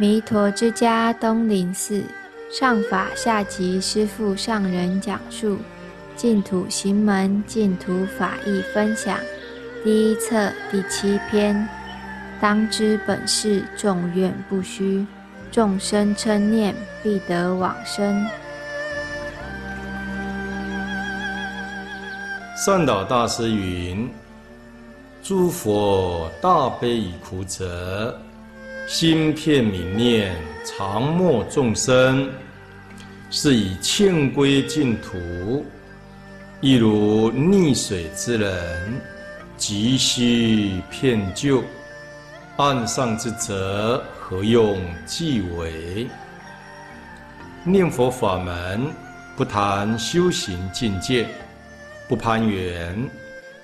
彌陀之家東林寺上法下寂師父上人講述淨土行門淨土法義分享第一冊第七篇。當知本誓重願不虛，眾生稱念必得往生。善導大師云：“諸佛大悲以苦者。”心偏愍念常沒眾生，是以勸歸淨土，亦如溺水之人，急須偏救；岸上之者，何用濟為？念佛法門，不談修行境界，不攀緣，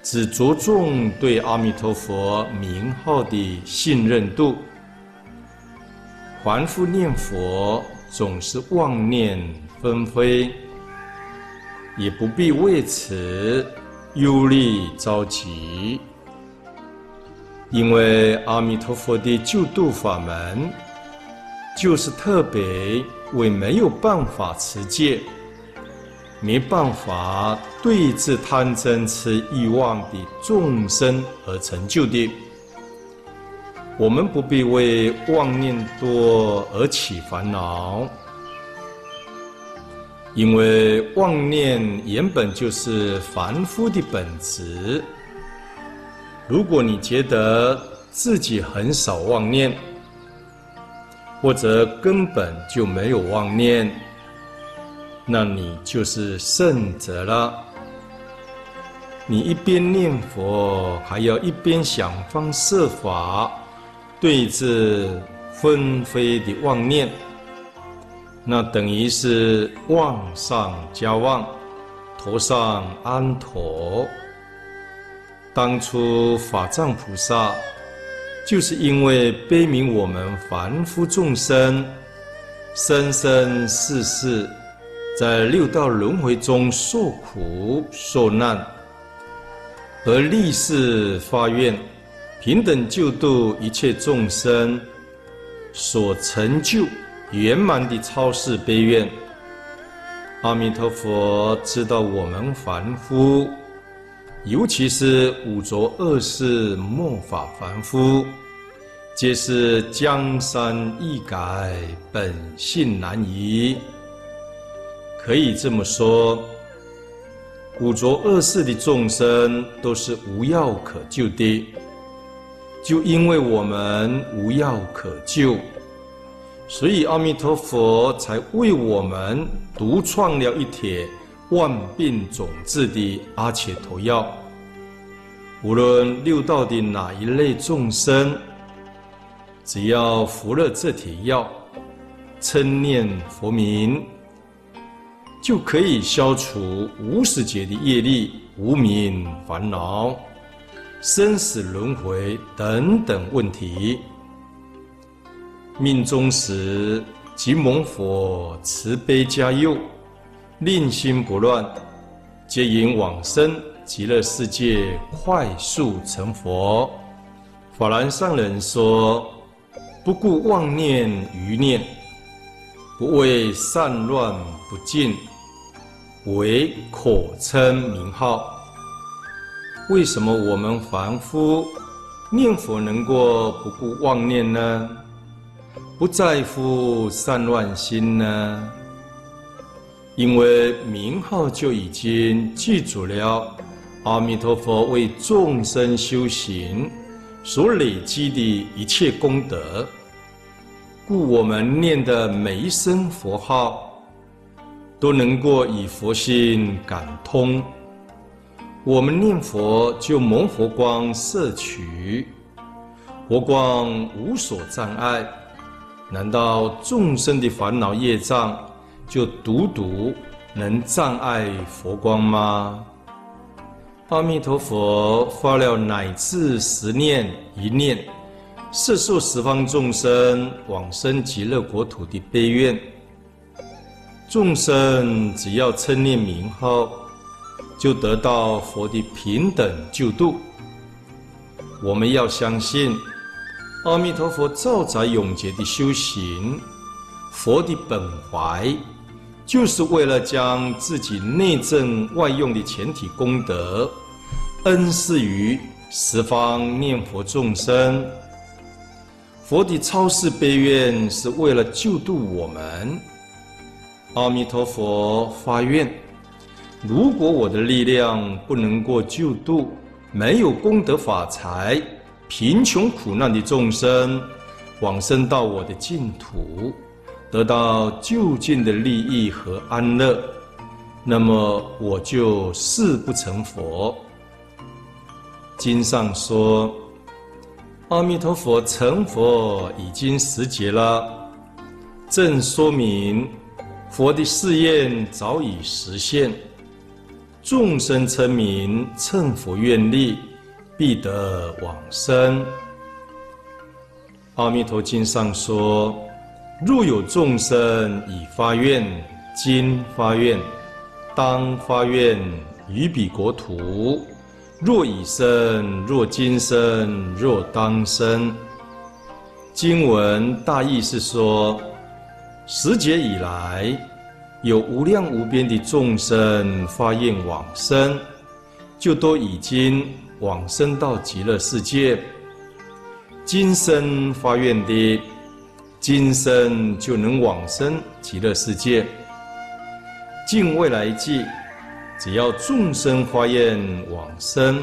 只着重對阿彌陀佛名號的信任度。凡夫念佛，總是妄念紛飛，也不必為此憂慮着急，因為阿彌陀佛的救度法門，就是特別為沒有辦法持戒、沒辦法對治貪嗔痴欲望的眾生而成就的。我們不必為妄念多而起煩惱，因為妄念原本就是凡夫的本質。如果你覺得自己很少妄念，或者根本就沒有妄念，那你就是聖者了。你一邊念佛，還要一邊想方設法。對治紛飛的妄念，那等於是妄上加妄，陀上安陀。當初法藏菩薩就是因為悲憫我們凡夫眾生生生世世在六道輪回中受苦受難，而立誓發願。平等救度一切眾生，所成就圓滿的超世悲願。阿彌陀佛知道我們凡夫，尤其是五濁惡世末法凡夫，皆是江山易改，本性難移。可以這麼說，五濁惡世的眾生都是無藥可救的。就因為我們無藥可救，所以阿彌陀佛才為我們獨創了一帖萬病總治的阿伽陀藥。無論六道的哪一類眾生，只要服了這帖藥，稱念佛名，就可以消除無始劫的業力，無明煩惱、生死輪迴等等問題，命終時，即蒙佛慈悲加佑，令心不亂，皆因往生極樂世界，快速成佛。法然上人說：“不顧妄念餘念，不畏散亂不淨，唯口稱名號。”為什麼我們凡夫念佛能夠不顧妄念呢？不在乎散亂心呢？因為名號就已經記住了阿彌陀佛為眾生修行所累積的一切功德，故我們念的每一聲佛號都能夠以佛心感通。我們念佛就蒙佛光攝取，佛光無所障礙，難道眾生的煩惱業障就獨獨能障礙佛光嗎？阿彌陀佛發了乃至十念一念，攝受十方眾生往生極樂國土的悲願。眾生只要稱念名號，就得到佛的平等救度。我們要相信，阿彌陀佛兆載永劫的修行，佛的本懷，就是為了將自己內證外用的全體功德，恩賜於十方念佛眾生。佛的超世悲願是為了救度我們。阿彌陀佛發願。如果我的力量不能夠救度，沒有功德法財、貧窮苦難的眾生往生到我的淨土，得到究竟的利益和安樂，那麼我就誓不成佛。經上說：“阿彌陀佛成佛已經十劫了。”正說明佛的誓願早已實現。眾生稱名，乘佛願力，必得往生。《阿彌陀經》上說：“若有眾生已發願，今發願，當發願於彼國土。若已生，若今生，若當生。”經文大意是說，十劫以來。有無量無邊的眾生發願往生，就都已經往生到極樂世界。今生發願的，今生就能往生極樂世界。盡未來際，只要眾生發願往生，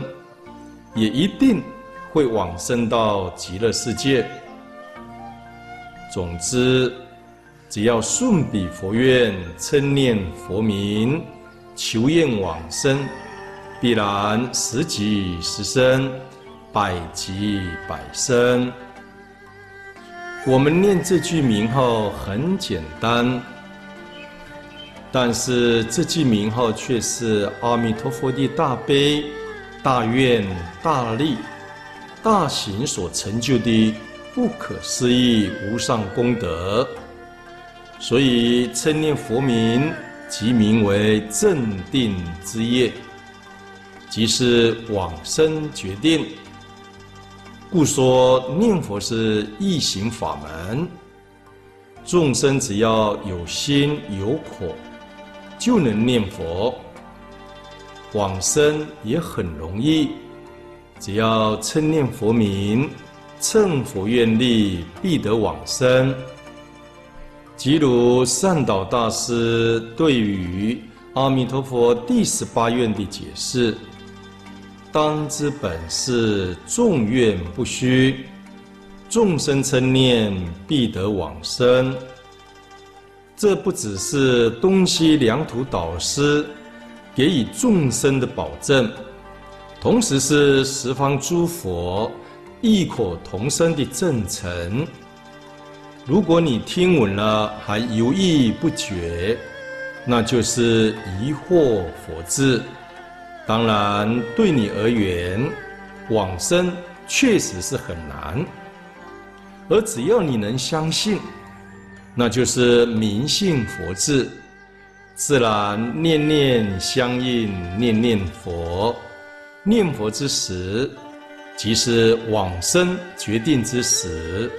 也一定會往生到極樂世界。總之，只要順彼佛願稱念佛名，求願往生，必然十即十生，百即百生。我們念這句名號很簡單，但是這句名號卻是阿彌陀佛的大悲、大願、大力、大行所成就的不可思議無上功德。所以稱念佛名，即名為正定之業，即是往生決定。故說念佛是易行法門，眾生只要有心有火，就能念佛，往生也很容易。只要稱念佛名，稱佛願力，必得往生。即如善導大師對於阿彌陀佛第十八願的解釋，當知本誓重願不虛，眾生稱念必得往生。這不只是東西兩土導師給予眾生的保證，同時是十方諸佛異口同聲的證成。如果你聽聞了還猶豫不決，那就是疑惑佛智。當然，對你而言，往生確實是很難。而只要你能相信，那就是明信佛智，自然念念相應，念念佛。念佛之時，即是往生決定之時。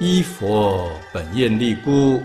依佛本願力故。